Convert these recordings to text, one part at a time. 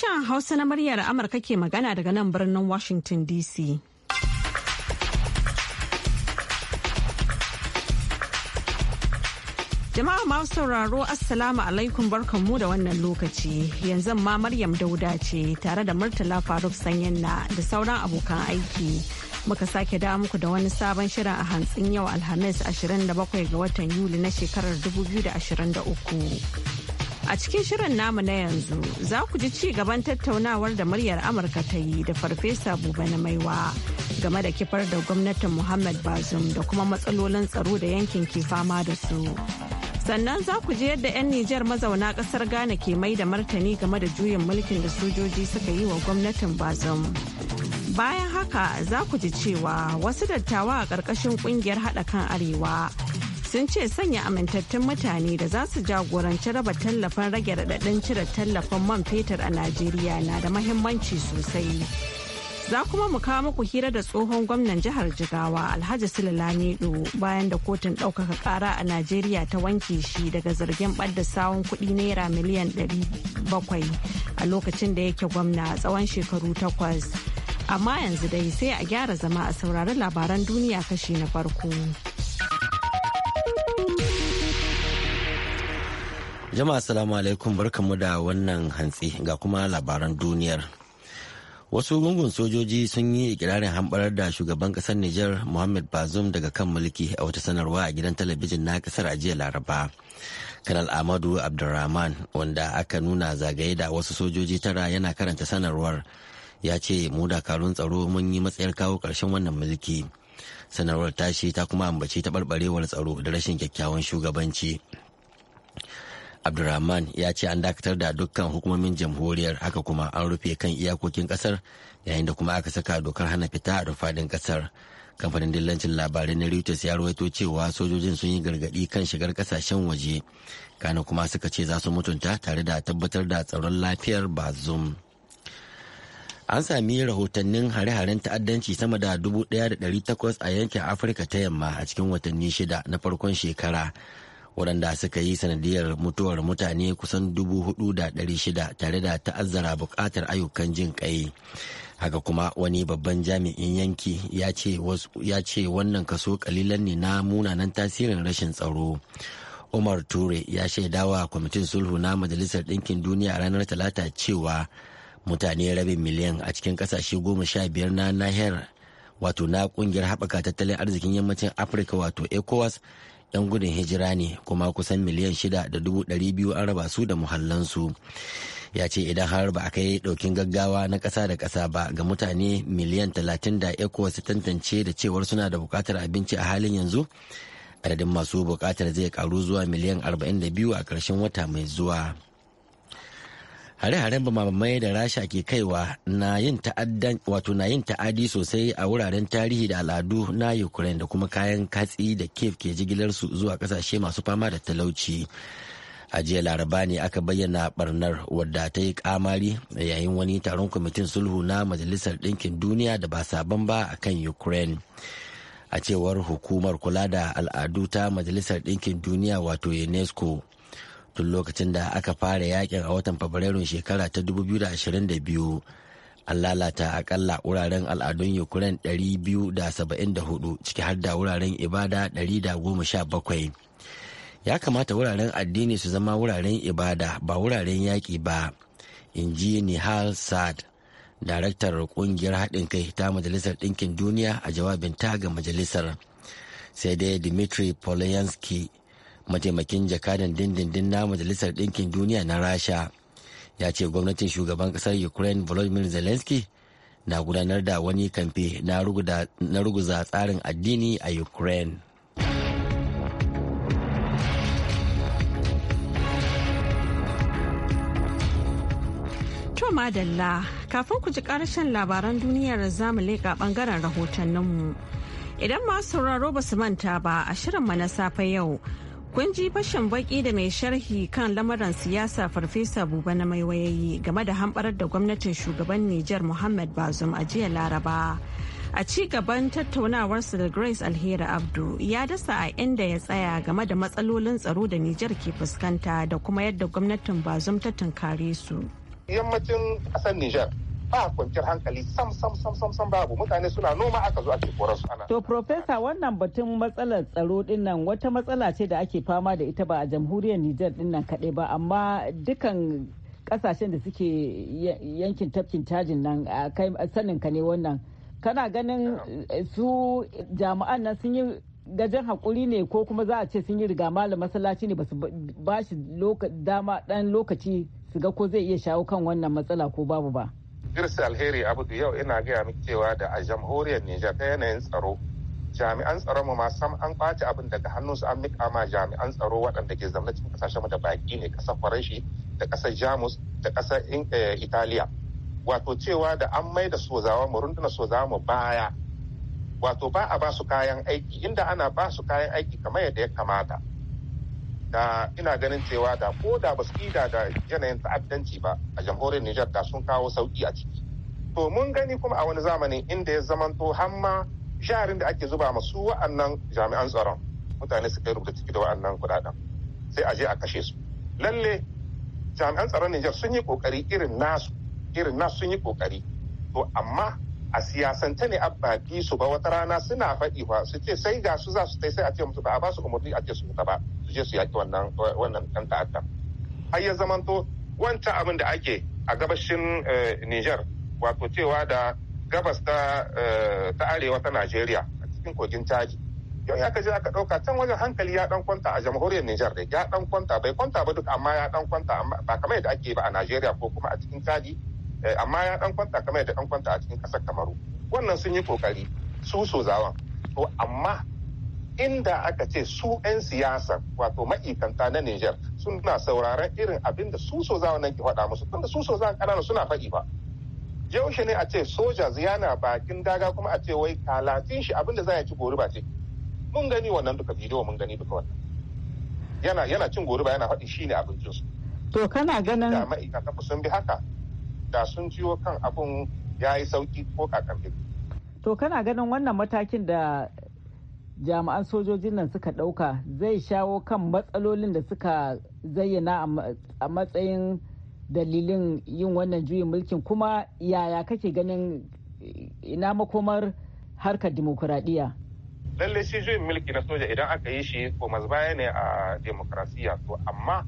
Sashen Hausa na muryar Amurka ke magana daga nan birnin Washington DC. Jama'a masu sauraro Assalamu alaikum barkanmu da wannan lokaci. Yanzu ma Maryam Dauda ce tare da Murtala Faruk Sanyanna da sauran abokan aiki. Muka sake da muku da wani sabon shirin a hantsin yau Alhamis 27 ga watan Yuli na shekarar 2023. A cikin shirin namu na yanzu za ku ji ci gaban tattaunawar da muryar Amurka ta yi da Farfesa Buba na Maiwa game da kifar da gwamnatin Muhammad Bazum da kuma matsalolin tsaro da yankin ke fama da su. sannan za ku je yadda 'yan Nijar mazauna ƙasar Ghana ke mai da martani game da juyin mulkin da sojoji suka yi wa gwamnatin bazum. Bayan haka za ku ji cewa wasu dattawa a ƙarƙashin ƙungiyar haɗa kan Arewa sun ce sanya amintattun mutane da za su jagoranci raba tallafin rage radadin cire tallafin man fetur a najeriya na da mahimmanci sosai za kuma mu kawo muku hira da tsohon gwamnan jihar jigawa alhaji sulalamido bayan da kotun ɗaukaka ƙara a najeriya ta wanke shi daga zargin ɓadda sawun kuɗi naira miliyan 700 a lokacin da yake gwamna tsawon shekaru takwas amma yanzu dai sai a gyara zama a saurari labaran duniya kashi na farko. Jama'a assalamu alaikum barkamu da wannan hantsi ga kuma labaran duniyar. Wasu gungun sojoji sun yi ikirarin hamɓarar da shugaban ƙasar Nijar muhammad Bazoum daga kan mulki a wata sanarwa a gidan talabijin na ƙasar a jiya Laraba. Kanal Ahmadu Abdulrahman wanda aka nuna zagaye da wasu sojoji tara yana karanta sanarwar ya ce mu dakarun tsaro mun yi matsayar kawo ƙarshen wannan mulki. Sanarwar tashi ta kuma ambaci taɓarɓarewar tsaro da rashin kyakkyawan shugabanci. abdulrahman ya ce an dakatar da dukkan hukumomin jamhuriyar haka kuma an rufe kan iyakokin kasar yayin da kuma aka saka dokar hana fita a fadin kasar kamfanin dillancin labarai na reuters ya rawaito cewa sojojin sun yi gargadi kan shigar kasashen waje kana kuma suka ce za su mutunta tare da tabbatar da tsaron lafiyar bazum an sami rahotannin hare-haren ta'addanci sama da 1,800 a yankin afirka ta yamma a cikin watanni shida na farkon shekara waɗanda suka yi sanadiyar mutuwar mutane kusan dubu hudu da ɗari shida tare da ta'azzara buƙatar ayyukan jin ƙai haka kuma wani babban jami'in yanki ya ce wannan kaso kalilan ne na munanan tasirin rashin tsaro umar ture ya shaidawa kwamitin sulhu na majalisar ɗinkin duniya ranar talata cewa mutane rabin miliyan a cikin ƙasashe goma sha biyar na nahiyar wato na kungiyar haɓaka tattalin arzikin yammacin afirka wato ecowas 'yan gudun hijira ne kuma kusan miliyan shida da dubu ɗari biyu an raba su da muhallansu ya ce idan har ba a kai ɗaukin gaggawa na ƙasa da ƙasa ba ga mutane miliyan talatin da ecowas su tantance da cewar suna da buƙatar abinci a halin yanzu adadin masu buƙatar zai ƙaru zuwa miliyan arba'in da biyu a ƙarshen wata mai zuwa. hare-haren bamamai da rasha ke kaiwa na yin wato na yin ta'adi sosai a wuraren tarihi da al'adu na ukraine da kuma kayan katsi da kef ke jigilar su zuwa kasashe masu fama da talauci a jiya laraba ne aka bayyana barnar wadda ta yi kamari yayin wani taron kwamitin sulhu na majalisar ɗinkin duniya da ba sabon ba a kan ukraine a cewar hukumar kula da al'adu ta majalisar ɗinkin duniya wato unesco tun lokacin da aka fara yakin a watan fabrairun shekara ta 2022 an lalata akalla wuraren al'adun ukraine 274 ciki har da wuraren ibada ɗari da goma sha bakwai. ya kamata wuraren addini su zama wuraren ibada ba wuraren yaƙi ba in ji nihal sad daraktar ƙungiyar haɗin kai ta majalisar ɗinkin duniya a jawabin ta ga majalisar sai dai dimitri polyansky mataimakin jakadan dindindin na majalisar ɗinkin duniya na rasha ya ce gwamnatin shugaban ƙasar ukraine volodymyr zelensky na gudanar da wani kamfe na ruguza tsarin addini a ukraine madalla kafin ku ji karshen labaran duniyar zamu leƙa bangaren rahotanninmu idan masu sauraro ba su manta ba a shirinmu na safe yau Kun ji fashin baki da mai sharhi kan lamarin siyasa Farfesa Buba na mai wayayi game da hamɓarar da gwamnatin shugaban Nijar Muhammad Bazum a jiya Laraba. A ci gaban tattaunawarsu da Grace Alheri Abdu ya dasa a inda ya tsaya game da matsalolin tsaro da Nijar ke fuskanta da kuma yadda gwamnatin Bazum ta tunkare su. Yammacin ƙasar Nijar ba kwanciyar hankali sam sam sam sam babu mutane suna noma aka zo ake koran su ana to profesa wannan batun matsalar tsaro dinnan wata matsala ce da ake fama da ita ba a jamhuriyar Nijar din nan kadai ba amma dukan kasashen da suke yankin tafkin cajin nan kai sanin ka ne wannan kana ganin eh, su jami'an nan sun yi gajen hakuri ne ko kuma za a ce sun yi riga malam masallaci ne ba su ba shi dama dan lokaci su ga ko zai iya shawo kan wannan matsala ko babu ba. birsa Alheri abudu yau ina gaya miki cewa da a jamhuriyar Nijar ta yanayin tsaro jami'an tsaron mu ma sam an kwace abin daga hannunsu an mika ma jami'an tsaro waɗanda ke zaune cikin kasashen da baki ne ƙasar Faranshi da ƙasar Jamus da ƙasar eh, Italiya. Wato cewa da an mai da sozawa mu runduna sozawa mu baya wato ba a ba su kayan aiki inda ana ba su kayan aiki kamar yadda ya kamata da ina ganin cewa da ko da ba su yi da yanayin ta'addanci ba a jamhuriyar Nijar da sun kawo sauki a ciki. To mun gani kuma a wani zamani inda ya zamanto hamma jarin da ake zuba masu wa'annan jami'an tsaron mutane su kai rubuta ciki da wa'annan kudaden sai a je a kashe su. Lalle jami'an tsaron Nijar sun yi kokari irin nasu irin nasu sun yi kokari. To amma a siyasance ne abba su ba wata rana suna faɗi ba su ce sai ga su za su tai sai a ce musu ba a ba su umarni a ce su ta ba. su je su yaki wannan wannan ɗan ta'adda har ya zamanto wancan abin da ake a gabashin eh, Niger wato cewa da gabas ta eh, ta arewa ta Najeriya a cikin kogin Chad yau ya kaje aka ɗauka can wajen hankali ya ɗan kwanta a jamhuriyar Nijar da ya ɗan kwanta bai kwanta ba duk amma ya ɗan kwanta ba kamar yadda ake ba a Najeriya ko kuma a cikin Chad eh, amma ya ɗan kwanta kamar yadda ɗan kwanta a cikin ƙasar Kamaru wannan sun yi kokari su zawan to amma inda aka ce su 'yan siyasa wato ma'ikanta na Nijar suna sauraron irin abin da su so zawo nan ke faɗa musu tunda su so zawo ƙanana suna faɗi ba yaushe ne a ce soja ziyana bakin daga kuma a ce wai kalatin shi abin da za ya ci gori ba ce mun gani wannan duka bidiyo mun gani duka wannan yana yana cin gori ba yana faɗi shine abincin su to kana ganin da ma'aikata sun bi haka da sun ciwo kan abin ya yi sauki ko kakan to kana ganin wannan matakin da jami'an sojojin nan suka ɗauka zai shawo kan matsalolin da suka zayyana a matsayin dalilin yin wannan juyin mulkin kuma yaya kake ganin ina makomar harkar dimokuraɗiyya. lallai shi juyin mulki na soja idan aka yi shi komas baya ne a demokrasiya to amma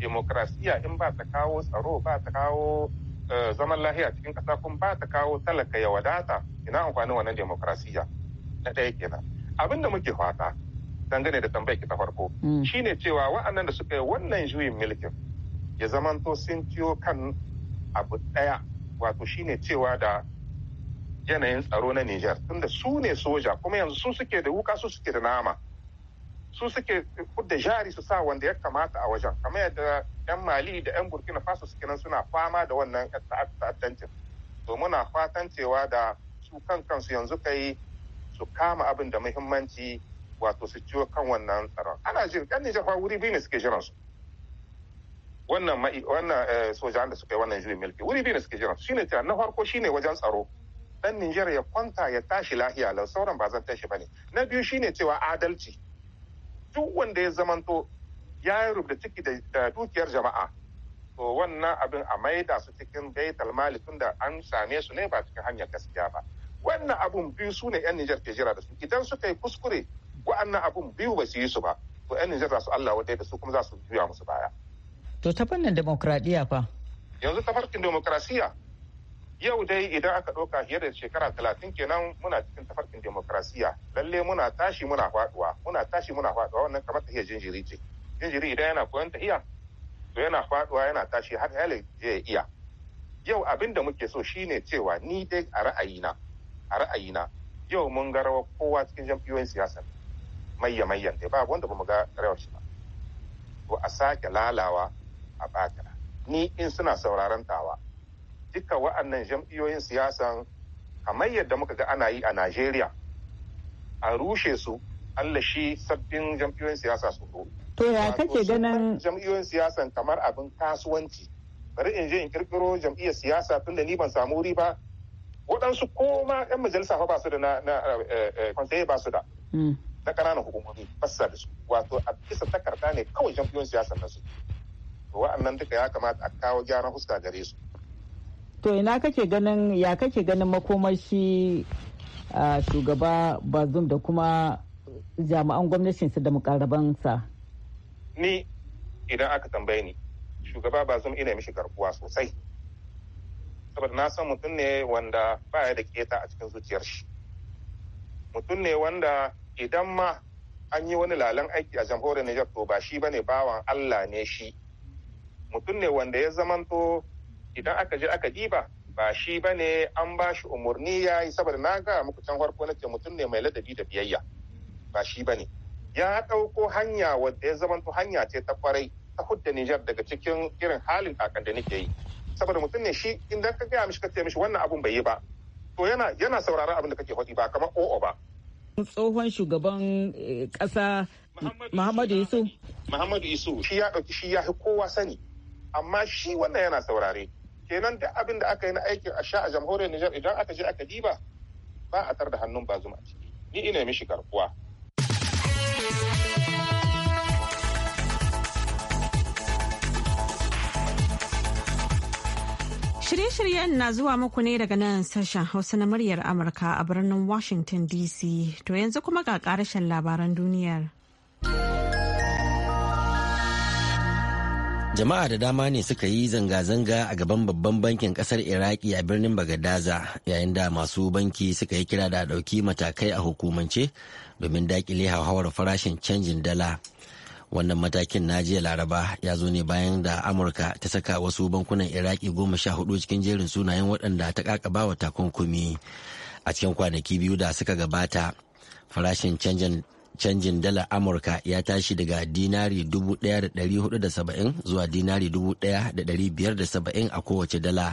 demokrasiya in ba ta kawo tsaro ba ta kawo eh, zaman lahiya cikin kasa kuma ba ta kawo talaka ya wadata ina amfanin wannan demokrasiya na ɗaya kenan abin da muke fata dangane da tambayar ki ta farko mm. shine cewa wa'annan da suka yi wannan juyin mulkin ya zamanto sun ciyo kan abu ɗaya wato shine cewa da yanayin tsaro na Nijar tunda su ne soja kuma yanzu su suke da wuka su suke da nama su suke da jari su sa wanda ya kamata a wajen kamar yadda yan mali da yan burkina faso suke nan suna fama da wannan ta'addancin to muna fatan cewa da su kan kansu yanzu kai su kama abin da muhimmanci wato su ciwo kan wannan tsaron ana jin ɗan nijar fa wuri biyu ne suke jiran su wannan ma'i wannan eh, sojan da suka yi wannan juyin milki. wuri biyu ne suke jiran su shine tira na farko shine wajen tsaro dan Nijar ya kwanta ya tashi lahiya lau sauran ba zan tashi bane na biyu shine cewa adalci duk wanda ya zamanto ya yi rubuta ciki da dukiyar jama'a to wannan abin a maida su cikin baitul mali tunda an same su ne ba cikin hanyar gaskiya ba wannan abun biyu su ne 'yan Nijar ke jira da su idan suka yi kuskure wa'annan abun biyu ba su yi su ba to 'yan Nijar za su Allah wadai da su kuma za su juya musu baya. To ta fannin demokradiyya fa? Yanzu ta farkin demokrasiya yau dai idan aka ɗauka fiye da shekara talatin kenan muna cikin tafarkin demokrasiya lalle muna tashi muna faɗuwa muna tashi muna faɗuwa wannan kamar iya jinjiri ce jinjiri idan yana koyon tahiya to yana faɗuwa yana tashi har ya iya yau abin da muke so shine cewa ni dai a ra'ayina a ra'ayina yau mun ga rawar kowa cikin jam'iyyoyin siyasa mayya mayyan dai ba wanda ba mu ga rawar shi ba to a sake lalawa a bata ni in suna sauraron tawa duka wa'annan jam'iyyoyin siyasan kamar yadda muka ga ana yi a Najeriya a rushe su Allah shi sabbin jam'iyyoyin siyasa su zo. To ya kake ganin jam'iyyoyin siyasan kamar abin kasuwanci bari in je in kirkiro jam'iyyar siyasa tun ni ban samu riba waɗansu ko ma 'yan majalisa ba su da na eh, eh, kwansaye ba su da mm. na ƙananan hukumomi ba su da su wato a bisa takarda ne kawai jam'iyyun siyasar nasu to wa'annan duka ya kamata a kawo gyaran huska gare su to ina kake ganin ya kake ganin makomashi shugaba bazum da kuma jami'an su da mukarabansa ni idan aka tambaye ni shugaba bazum ina mishi garkuwa sosai saboda na san mutum ne wanda baya da keta a cikin zuciyar shi mutum ne wanda idan ma an yi wani lalan aiki a jamhuriyar Nijar to ba shi bane bawan Allah ne shi mutum ne wanda ya zamanto idan aka je aka diba ba shi bane an ba shi umarni ya yi saboda na ga muku can farko na ce mutum ne mai ladabi da biyayya ba shi bane ya ɗauko hanya wadda ya zamanto hanya ce ta kwarai ta hudda Nijar daga cikin irin halin kakan da nake yi saboda mutum ne shi idan ka gaya mishi ka ce mishi wannan abun bai yi ba to yana yana sauraron abin da kake faɗi ba kamar o'o ba tsohon shugaban eh, ƙasa Muhammadu Isu Muhammadu Isu shi ya ɗauki shi ya fi kowa sani amma shi wannan yana saurare kenan da abin da aka yi na aikin sha a jamhuriyar Nijar idan aka je aka diba ba a tar da hannun bazuma ni ina mishi karkuwa Shirye-shiryen na zuwa muku ne daga nan sashen Hausa na muryar Amurka a birnin Washington DC. To yanzu kuma ga karashen labaran duniyar. Jama'a da dama ne suka yi zanga-zanga a gaban babban bankin kasar Iraki a birnin Bagadaza yayin da masu banki suka yi kira da ɗauki matakai a hukumance domin dakile hauhawar farashin canjin dala. wannan matakin na jiya laraba ya zo ne bayan da amurka ta saka wasu bankunan iraki goma sha hudu cikin jerin sunayen waɗanda ta kakaba takunkumi a cikin kwanaki biyu da suka gabata farashin canjin dalar amurka ya tashi daga dinari 1,470 zuwa dinari 1,570 a kowace dala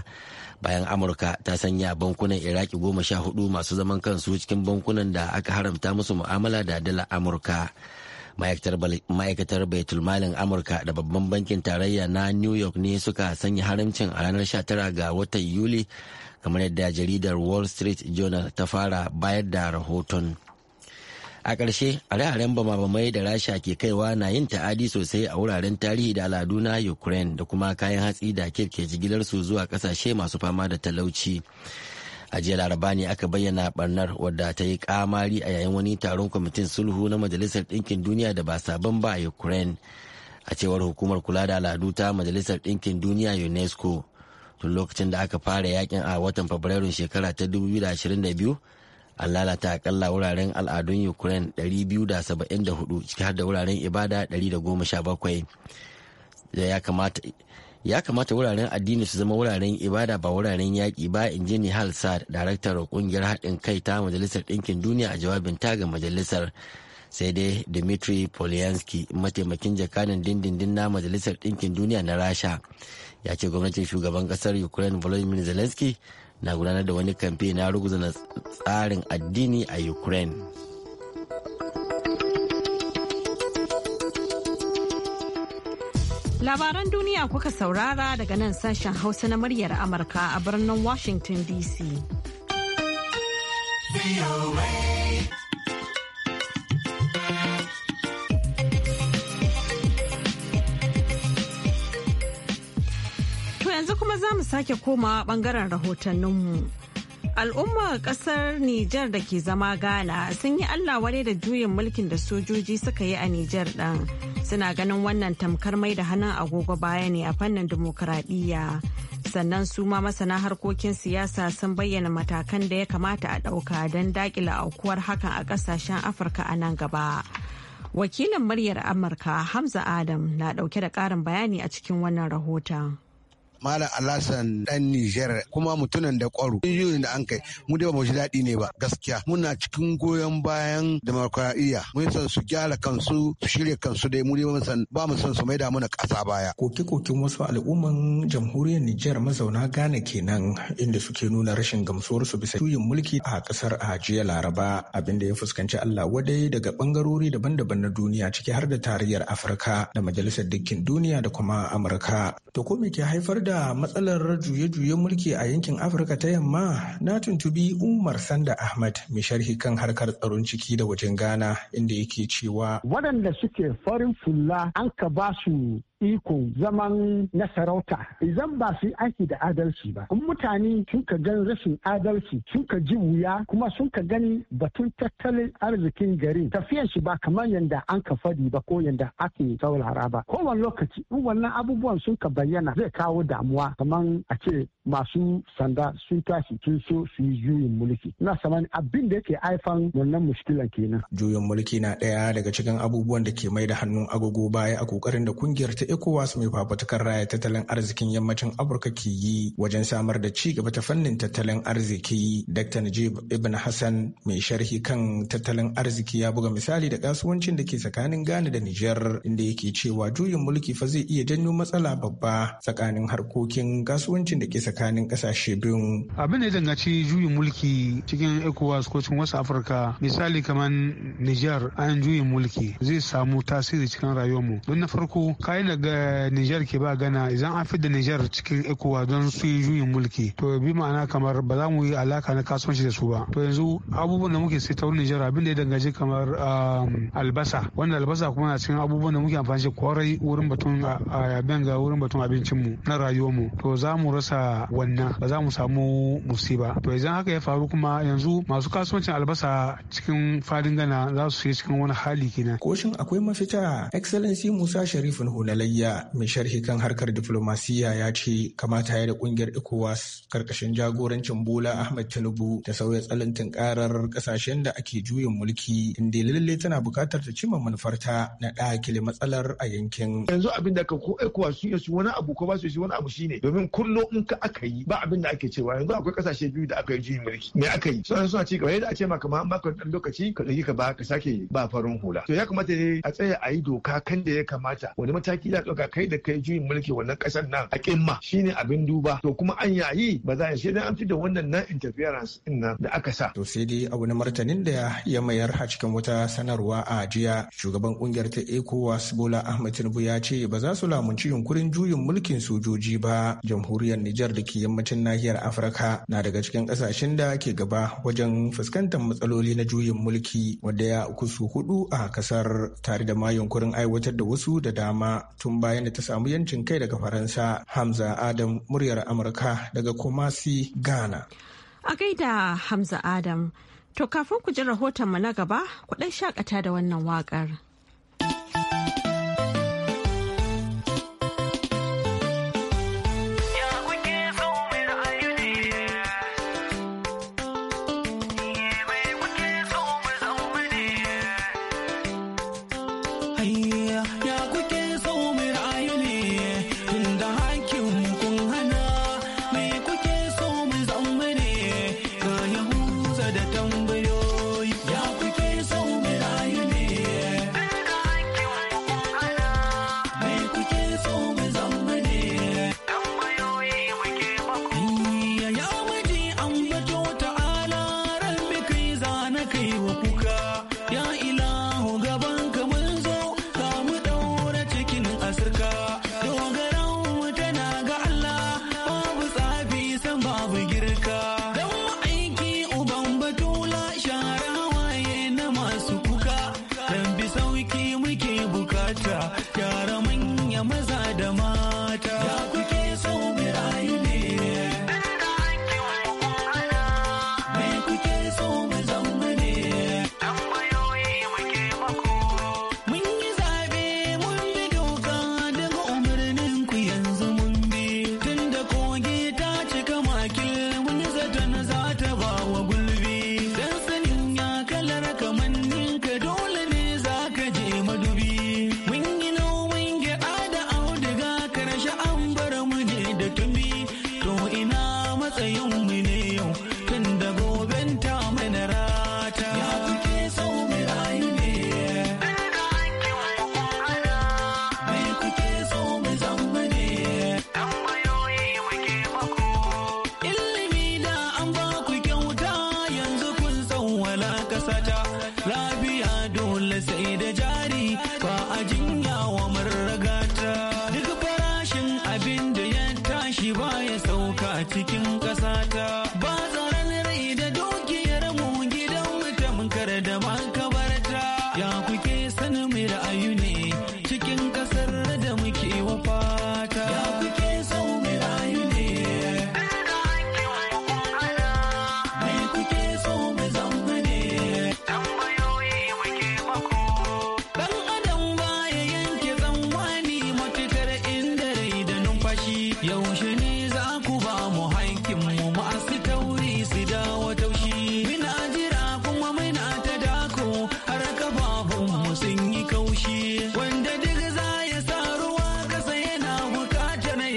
bayan amurka ta sanya bankunan iraki goma sha hudu masu zaman kansu cikin bankunan da aka haramta musu mu'amala da dalar amurka ma'aikatar baitulmalin amurka da babban bankin tarayya na new york ne suka sanya haramcin a ranar 19 ga watan yuli kamar yadda jaridar wall street journal ta fara bayar da rahoton a ƙarshe hare-haren bama-bamai da rasha ke kaiwa na yin ta'adi sosai a wuraren tarihi da al'adu na ukraine da kuma kayan hatsi da ke jigilarsu zuwa ƙasashe masu fama da talauci a jiya laraba ne aka bayyana barnar wadda ta yi kamari a yayin wani taron kwamitin sulhu na majalisar ɗinkin duniya da ba sabon ba a ukraine a cewar hukumar kula da al'adu ta majalisar ɗinkin duniya unesco tun lokacin da aka fara yakin a watan fabrairun shekara ta 2022 an lalata akalla wuraren al'adun ukraine 274 ciki har da wuraren ibada 117 ya kamata ya kamata wuraren addini su zama wuraren ibada ba wuraren yaƙi ba in ji ni Nihal sa daraktar ƙungiyar haɗin kai ta Majalisar Ɗinkin Duniya a jawabin taga majalisar. Sai dai Dmitry Polyansky, mataimakin jakadan dindindin na Majalisar Ɗinkin Duniya na Rasha, ya ce gwamnatin shugaban ƙasar Ukraine Volodymyr Zelensky na gudanar da wani kamfe na ruguza tsarin addini a Ukraine. Labaran duniya kuka saurara daga nan sashen Hausa na muryar Amurka a birnin Washington DC. To yanzu kuma za mu sake komawa bangaren rahotanninmu. Al'ummar kasar Nijar da ke zama Ghana sun yi Allah wale da juyin mulkin da sojoji suka yi a Nijar ɗin. Suna ganin wannan tamkar mai da hannun agogo baya ne a fannin dimokuraɗiyya. Sannan su ma masana harkokin siyasa sun bayyana matakan da ya kamata a ɗauka don daƙila aukuwar hakan a ƙasashen Afirka a nan gaba. Wakilin muryar Amurka Hamza Adam na ɗauke da ƙarin bayani a cikin wannan rahoton. Malam Alasan dan Nijar kuma mutunan da kwaro. Injiyoyin da an kai mu dai ba daɗi ne ba gaskiya. Muna cikin goyon bayan demokuraɗiyya. Mun san su gyara kansu su shirya kansu da mu dai ba san ba mu san su maida mana ƙasa baya. Koke-koken wasu al'umman jamhuriyar Nijar mazauna Ghana kenan inda suke nuna rashin gamsuwar su bisa juyin mulki a ƙasar a jiya Laraba abinda ya fuskanci Allah wadai daga bangarori daban-daban na duniya ciki har da tarayyar Afirka da Majalisar Dukkin Duniya da kuma Amurka. To ko me ke haifar da da matsalar juye juye mulki a yankin Afirka ta yamma na tuntubi Umar Sanda Ahmad mai sharhi kan harkar tsaron ciki da wajen Ghana inda yake cewa waɗanda suke farin Fula an ka ba su iko zaman na sarauta idan ba su aiki da adalci ba in mutane sun ka gan rashin adalci sun ka ji wuya kuma sun ka gani batun tattalin arzikin garin tafiyan shi ba kamar yadda an ka fadi ba ko yadda ake saurara ba kowane lokaci in wannan abubuwan sun ka bayyana zai kawo damuwa kamar a ce masu sanda sun tashi sun so su yi juyin mulki na saman abin da yake haifan wannan mushkilan kenan juyin mulki na ɗaya daga cikin abubuwan da ke mai da hannun agogo baya a kokarin da kungiyar ta ECOWAS mai fafutukar raya tattalin arzikin yammacin Afirka ke yi wajen samar da ci gaba ta fannin tattalin arziki. Dr. Najib Ibn Hassan mai sharhi kan tattalin arziki ya buga misali da kasuwancin da ke tsakanin Ghana da Nijar inda yake cewa juyin mulki fa zai iya janyo matsala babba tsakanin harkokin kasuwancin da ke tsakanin kasashe biyun. Abin da ya danganci juyin mulki cikin ECOWAS ko cikin wasu Afirka misali kamar Nijar an juyin mulki zai samu tasiri cikin rayuwar mu Don na farko kayan da daga Nijar ke ba gana, idan an fidda Nijar cikin ECOWAS don su yi juyin mulki to bi ma'ana kamar ba za mu yi alaka na kasuwanci da su ba to yanzu abubuwan da muke sai ta wurin a abin da ya danganci kamar um, albasa wanda albasa kuma na cikin abubuwan da muke amfani shi kwarai wurin batun a ga wurin batun mu na mu. to za mu rasa wannan ba za mu samu musiba to idan haka ya faru kuma yanzu masu kasuwancin albasa cikin fadin gana, za su yi cikin wani hali kenan. Koshin akwai mafita Excellency Musa Sharifin Hulalai tarayya mai sharhi kan harkar diflomasiyya ya ce kamata ya da kungiyar ECOWAS karkashin jagorancin Bola Ahmed Tinubu ta sauya tsalin tunkarar kasashen da ake juyin mulki inda lalle tana bukatar ta cimma manufarta na dakile matsalar a yankin. Yanzu abin da ka ko ECOWAS sun yi wani abu ko ba su yi wani abu shine domin kullum in ka aka yi ba abin da ake cewa yanzu akwai kasashe biyu da aka yi juyin mulki me aka yi suna suna ci gaba yadda a ce maka ma maka dan lokaci ka dauki ka ba ka sake ba farin hula to ya kamata ne a tsaya a yi doka kan da ya kamata wani mataki da da ɗauka kai da kai juyin mulki wannan ƙasar nan a ƙimma shine abin duba to kuma an yayi ba za a shi dai an da wannan nan interference din nan da aka sa. To sai dai abu na martanin da ya mayar a cikin wata sanarwa a jiya shugaban kungiyar ta ECOWAS Bola Ahmed Tinubu ya ce ba za su lamunci yunkurin juyin mulkin sojoji ba jamhuriyar Nijar da ke yammacin nahiyar Afirka na daga cikin kasashen da ke gaba wajen fuskantar matsaloli na juyin mulki wanda ya kusu hudu a kasar tare da ma yunkurin aiwatar da wasu da dama. To tun bayan da ta samu yancin kai daga Faransa. Hamza Adam muryar Amurka daga Kumasi, Ghana. A gaida Hamza Adam, to kafin ku ji rahoton mu na gaba, ku ɗan shakata da wannan waƙar.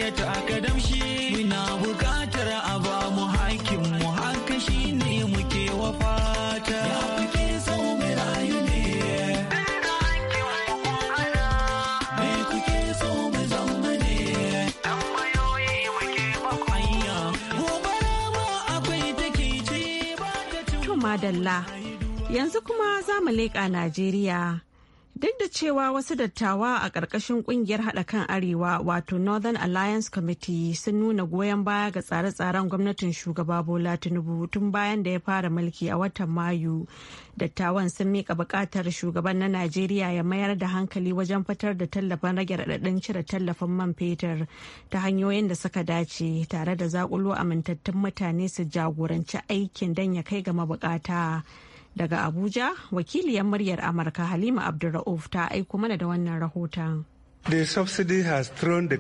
karyata aka damshi muna buƙatar a ba mu hakin mu haka shi ne muke wa fata Madalla yanzu kuma za mu leƙa Najeriya. Duk da cewa wasu dattawa a ƙarƙashin ƙungiyar haɗa kan Arewa wato Northern Alliance Committee sun nuna goyon baya ga tsare-tsaren gwamnatin shugaba Bola Tinubu tun bayan da ya fara mulki a watan Mayu. Dattawan sun mika buƙatar shugaban na Najeriya ya mayar da hankali wajen fitar da tallafin rage raɗaɗin cire tallafin man fetur ta hanyoyin da suka dace tare da zaƙulo amintattun mutane su jagoranci aikin don ya kai ga mabuƙata. Daga Abuja, wakiliyar muryar Amurka Halima Abdulra'uf ta aiko mana da wannan rahoton. The Manjo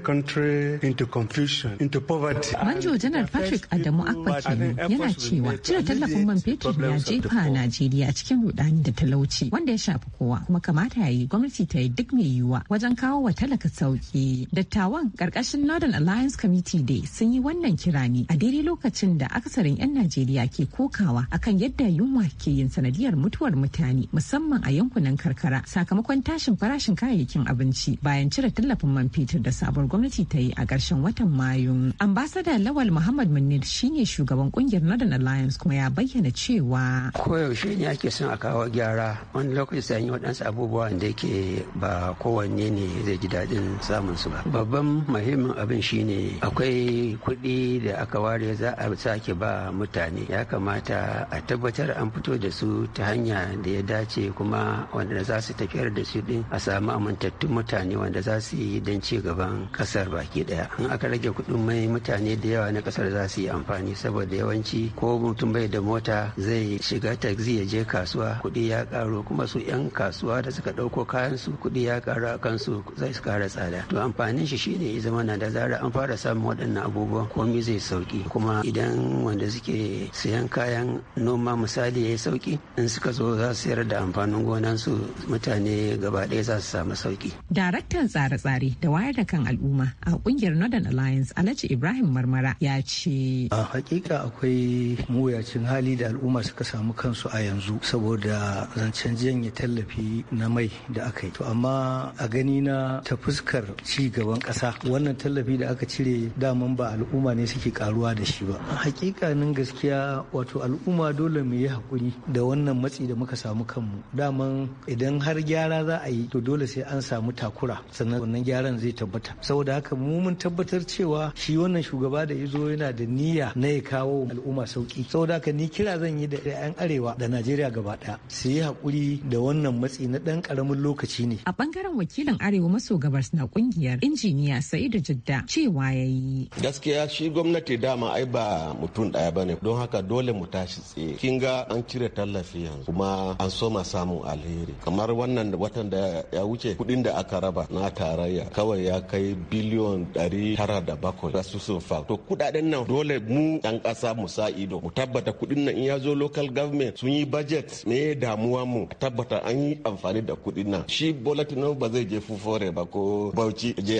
Janar Patrick Adamu Akpa yana cewa cire tallafin man fetur ya jefa Najeriya cikin rudani da talauci wanda ya shafi kowa kuma kamata ya yi gwamnati ta yi duk mai yiwuwa wajen kawo wa talaka sauki. Dattawan karkashin Northern Alliance Committee Day sun yi wannan kira ne a daidai lokacin da akasarin 'yan Najeriya ke kokawa akan yadda yunwa ke yin sanadiyar mutuwar mutane musamman a yankunan karkara sakamakon tashin farashin kayayyakin abinci bayan cire tallafin man fetur da sabon gwamnati ta yi a ƙarshen watan Mayu. Ambasada Lawal Muhammad Munir shine shugaban kungiyar Northern Alliance kuma ya bayyana cewa koyaushe ne ake son a kawo gyara wani lokaci sai waɗansu abubuwa da yake ba kowanne ne zai ji daɗin samun su ba. Babban muhimmin abin shine akwai kuɗi da aka ware za a sake ba mutane ya kamata a tabbatar an fito da su ta hanya da ya dace kuma wanda za su tafiyar da su din a samu amintattun mutane wanda za su yi don ci gaban kasar baki daya in aka rage kuɗin mai mutane da yawa na kasar za su yi amfani saboda yawanci ko mutum bai da mota zai shiga taxi ya je kasuwa kuɗi ya ƙaru kuma su 'yan kasuwa da suka ɗauko kayan su kuɗi ya karu a kansu zai su kara tsada to amfanin shi shine ya zama na da zara an fara samun waɗannan abubuwan komai zai sauki kuma idan wanda suke sayan kayan noma misali ya yi sauki in suka zo za su sayar da amfanin su mutane gaba ɗaya za su samu sauki. Daraktan tsare-tsare da wayar da kan al'umma a kungiyar Northern Alliance Alhaji Ibrahim Marmara ya ce. A hakika akwai mawuyacin hali da al'umma suka samu kansu a yanzu saboda zancen janye tallafi na mai da aka yi. To amma a gani na ta fuskar ci gaban ƙasa wannan tallafi da aka cire daman ba al'umma ne suke karuwa da shi ba. A hakikanin gaskiya wato al'umma dole mu yi hakuri da wannan matsi da muka samu kanmu. Daman idan har gyara za a yi to dole sai an samu takura. sannan wannan gyaran zai tabbata saboda haka mu mun tabbatar cewa shi wannan shugaba da yazo yana da niyya na ya kawo al'umma sauki saboda haka ni kira zan yi da 'yan arewa da najeriya gaba daya su yi hakuri da wannan matsi na dan karamin lokaci ne a bangaren wakilin arewa maso gabas na kungiyar injiniya sa'idu jidda cewa ya yi gaskiya shi gwamnati dama ai ba mutum daya bane. don haka dole mu tashi tsaye kin ga an cire tallafi yanzu kuma an soma samun alheri kamar wannan watan da ya wuce kuɗin da aka raba na tarayya kawai ya kai biliyon tara 907 asusun fa to kudaden nan dole mu dan kasa mu sa ido mu tabbata kudin nan in ya zo local government sun yi budget me damuwa mu tabbata an yi amfani da kudin nan shi bola tinubu ba zai je fufore ba ko bauchi je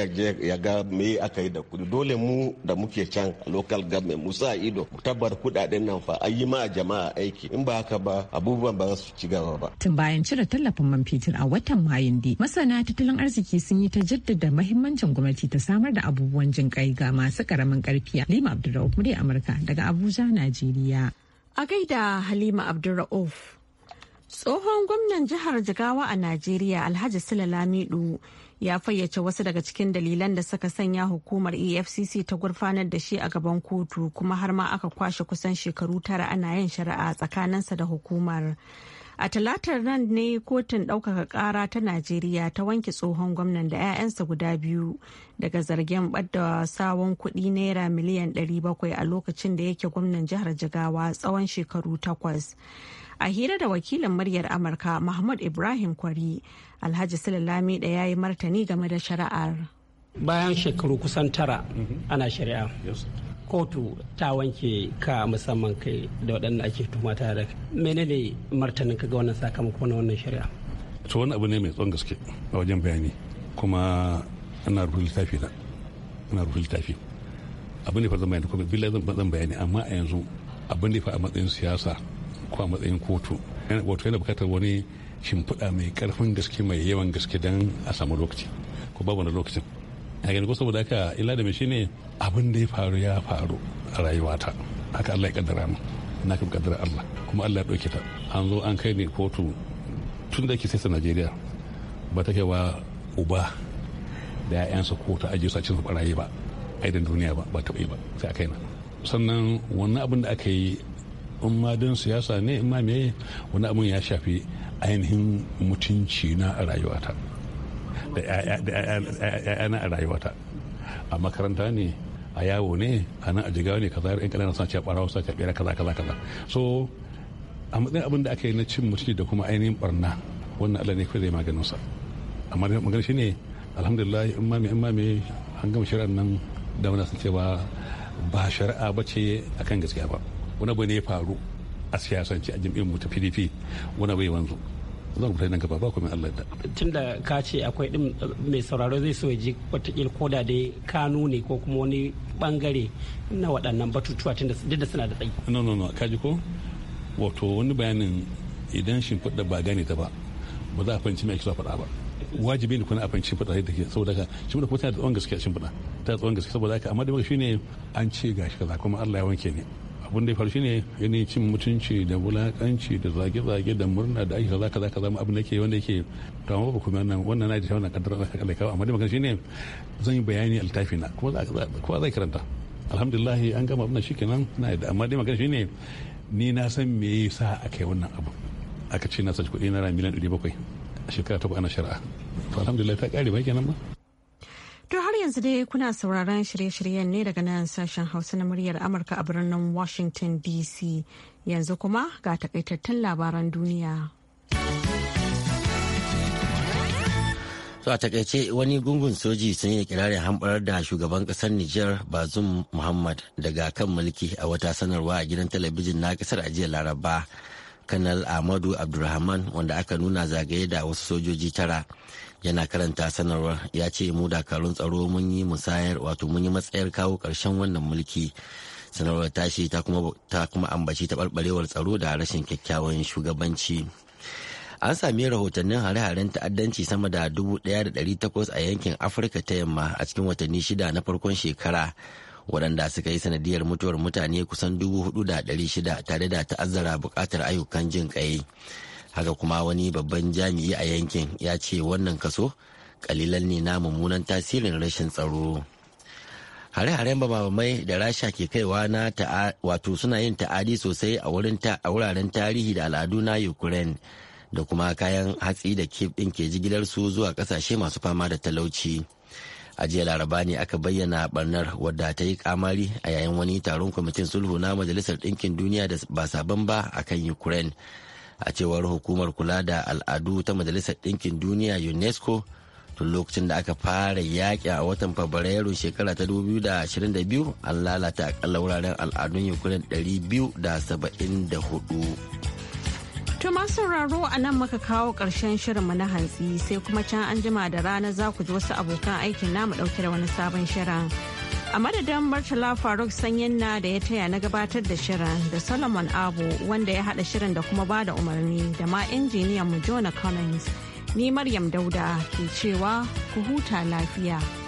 ya ga me aka yi da kudi dole mu da muke can local government mu sa ido mu tabbata kudaden nan fa an yi ma jama'a aiki in ba haka ba abubuwan ba za su ci gaba ba tun bayan cire tallafin man fetur a watan mayun masana tattalin arziki sun yi ta jaddada mahimmancin gwamnati ta samar da abubuwan jin kai ga masu karamin karfi halima abdulrauf murya amurka daga abuja najeriya a gaida halima abdulrauf tsohon gwamnan jihar jigawa a najeriya alhaji sula lamidu ya fayyace wasu daga cikin dalilan da suka sanya hukumar efcc ta gurfanar da shi a gaban kotu kuma har ma aka kwashe kusan shekaru tara ana yin shari'a tsakaninsa da hukumar A talatar nan ne kotun ɗaukaka ƙara ta Najeriya ta wanke tsohon gwamnan da 'ya'yansa guda biyu daga zargin ɓadda sawon kuɗi naira miliyan 700 a lokacin da yake gwamnan jihar Jigawa tsawon shekaru takwas. A hira da wakilin muryar Amurka Mahmud Ibrahim Kwari, Alhaji Sulalami da ya yi martani game da shari'ar. Bayan shekaru kusan tara ana shari'a. kotu ta wanke ka musamman kai da waɗanda ake tuhuma tare menene martanin ka ga wannan sakamako na wannan shari'a to wani abu ne mai tsawon gaske a wajen bayani kuma ana rufe littafi na ana rufe littafi abu ne fa zan bayani kuma billahi zan bayani amma a yanzu abu ne fa a matsayin siyasa ko a matsayin kotu kotu yana bukatar wani shimfiɗa mai karfin gaske mai yawan gaske don a samu lokaci ko babu wani lokacin a ko saboda haka illa da shi ne abin da ya faru ya faru a rayuwata haka Allah ya kaddara mu na kan kaddara Allah kuma Allah ya dauke ta an zo an kai ne kotu tun da ke sai Najeriya ba ta wa uba da ƴaƴansa ko ta ajiye su a cin su barayi ba aidan duniya ba ba ta ba sai a kai na sannan wani abin da aka yi in ma don siyasa ne in ma me wani abin ya shafi ainihin mutunci na a rayuwata da 'ya'yana a rayuwata a makaranta ne a yawo ne a nan a jigawa ne kaza yan ƙananan suna cewa ɓarawa a ɓera kaza kaza kaza so a matsayin abin da aka yi na cin mutunci da kuma ainihin barna wannan allah ne kawai zai maganin sa amma da maganin shi ne alhamdulillah in ma in ma an gama shari'ar nan da wani sun ce ba shari'a ba ce a kan gaskiya ba wani abu ne ya faru a siyasance a jam'iyyar mu ta pdp wani abu ya wanzu zan kuma nan gaba ba kuma Allah da tunda ka ce akwai din mai sauraro zai so ya ji watakil koda dai kanu ne ko kuma wani bangare na waɗannan batutuwa tunda duk da suna da tsayi no no no ka ji ko wato wani bayanin idan shimfiɗa ba gane ta ba ba za a fahimci mai kisa faɗa ba wajibi ne kuna a fahimci faɗa da ke saboda ka shimfiɗa kuma tana da tsawon gaskiya shimfiɗa ta tsawon gaskiya saboda ka amma da shi ne an ce gashi kaza kuma Allah ya wanke ne abin da ya faru shine yani cin mutunci da wulakanci da zage-zage da murna da aisha zaka zaka zama abin da ke wanda ke to ba kuma nan wannan na da wannan kaddara na kallai kawai amma dai magana shine zan yi bayani a na kuma zai karanta alhamdulillah an gama abin da shikenan na da amma dai magana shine ni na san me yasa aka yi wannan abu aka ce na sace kuɗi na miliyan bakwai a shekara ta ana shari'a to alhamdulillah ta ƙare ba kenan ba yanzu dai kuna sauraron shirye-shiryen ne daga nan sashen Hausa na muryar Amurka a birnin Washington DC. Yanzu kuma ga takaitattun labaran duniya. So a takaice wani gungun soji sun yi kirarin hamɓarar da shugaban ƙasar Nijar Bazum Muhammad daga kan mulki a wata sanarwa a gidan talabijin na ƙasar ajiyar jiya Laraba. Kanal Ahmadu Abdulrahman wanda aka nuna zagaye da wasu sojoji tara. yana karanta sanarwar ya ce mu dakarun tsaro mun yi musayar wato mun yi matsayar kawo ƙarshen wannan mulki sanarwar tashi ta kuma ambaci taɓarɓarewar tsaro da rashin kyakkyawan shugabanci an sami rahotannin hare-haren ta'addanci sama da 1,800 a yankin afirka ta yamma a cikin watanni shida na farkon shekara waɗanda suka yi sanadiyar mutuwar mutane kusan 4,600 tare da ta'azzara buƙatar ayyukan jin haka kuma wani babban jami'i a yankin ya ce wannan kaso kalilan ne na mummunan tasirin rashin tsaro hare-haren babamai da rasha ke kaiwa na wato suna yin ta'adi sosai a wuraren tarihi da al'adu na ukraine da kuma kayan hatsi da kif ɗin ke jigilar su zuwa kasashe masu fama da talauci a jiya laraba ne aka bayyana barnar wadda ta yi kamari a yayin wani taron kwamitin sulhu na majalisar ɗinkin duniya da ba sabon ba a kan ukraine a cewar hukumar kula da al'adu ta majalisar ɗinkin duniya unesco tun lokacin da aka fara yaƙi a watan fabrairu shekara ta 2022 an lalata akalla wuraren al'adun yankunan 274 To sauraro a nan muka kawo ƙarshen shirinmu na hantsi sai kuma can an jima da rana za ku ji wasu abokan aikin namu ɗauke da wani sabon shirin. A madadin Murtala Faruk Sanyin na da ya taya na gabatar da shirin da Solomon Abu wanda ya haɗa shirin da kuma bada umarni da ma injiniyan mu Jonah Collins. Ni Maryam Dauda ke cewa ku huta lafiya.